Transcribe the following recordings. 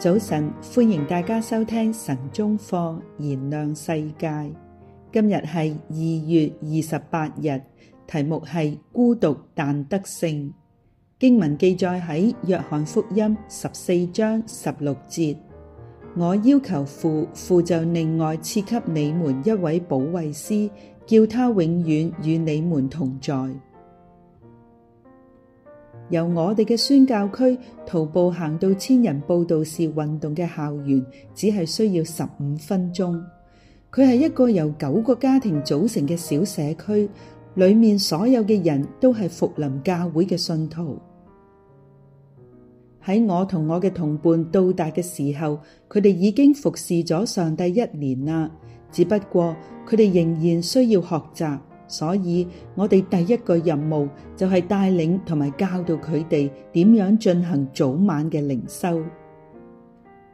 早晨，歡迎大家收聽晨鐘課，燃亮世界。今日係二月二十八日，題目係孤獨但得勝。經文記載喺約翰福音十四章十六節。我要求父，父就另外賜給你們一位保惠師，叫他永遠與你們同在。由我哋嘅宣教區徒步行到千人佈道士運動嘅校園，只係需要十五分鐘。佢係一個由九個家庭組成嘅小社區，裏面所有嘅人都係福林教會嘅信徒。喺我同我嘅同伴到達嘅時候，佢哋已經服侍咗上帝一年啦，只不過佢哋仍然需要學習。所以我哋第一個任務就係帶領同埋教導佢哋點樣進行早晚嘅靈修。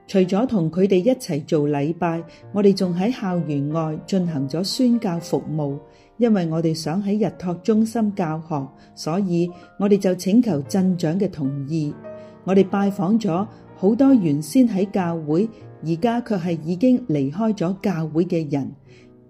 除咗同佢哋一齊做禮拜，我哋仲喺校園外進行咗宣教服務。因為我哋想喺日托中心教學，所以我哋就請求鎮長嘅同意。我哋拜訪咗好多原先喺教會，而家卻係已經離開咗教會嘅人。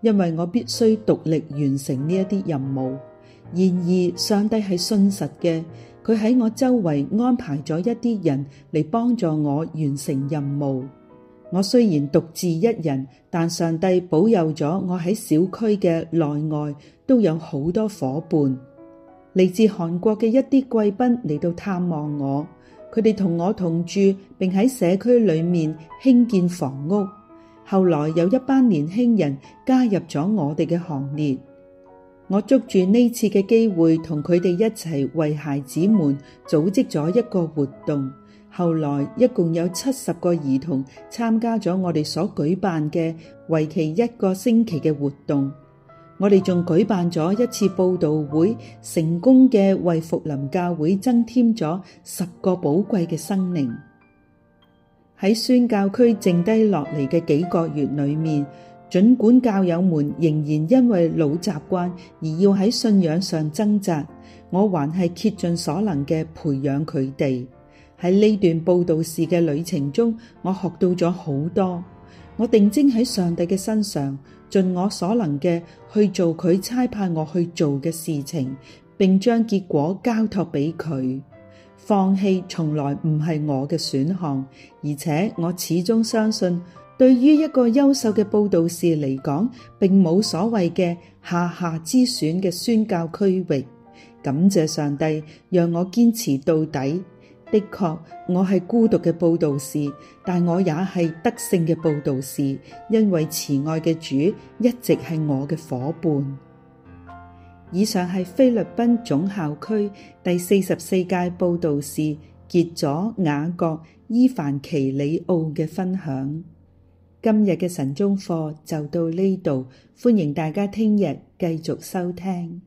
因為我必須獨立完成呢一啲任務，然而上帝係信實嘅，佢喺我周圍安排咗一啲人嚟幫助我完成任務。我雖然獨自一人，但上帝保佑咗我喺小區嘅內外都有好多伙伴。嚟自韓國嘅一啲貴賓嚟到探望我，佢哋同我同住，並喺社區裏面興建房屋。後來有一班年輕人加入咗我哋嘅行列，我捉住呢次嘅機會同佢哋一齊為孩子們組織咗一個活動。後來一共有七十個兒童參加咗我哋所舉辦嘅為期一個星期嘅活動。我哋仲舉辦咗一次布道會，成功嘅為福林教會增添咗十個寶貴嘅生靈。喺宣教區剩低落嚟嘅幾個月裏面，盡管教友們仍然因為老習慣而要喺信仰上掙扎，我還係竭盡所能嘅培養佢哋。喺呢段佈道士嘅旅程中，我學到咗好多。我定睛喺上帝嘅身上，盡我所能嘅去做佢差派我去做嘅事情，並將結果交託俾佢。放棄從來唔係我嘅選項，而且我始終相信，對於一個優秀嘅佈道士嚟講，並冇所謂嘅下下之選嘅宣教區域。感謝上帝，讓我堅持到底。的確，我係孤獨嘅佈道士，但我也係得勝嘅佈道士，因為慈愛嘅主一直係我嘅夥伴。以上係菲律賓總校區第四十四屆佈道士傑佐雅各伊凡奇里奧嘅分享。今日嘅晨鐘課就到呢度，歡迎大家聽日繼續收聽。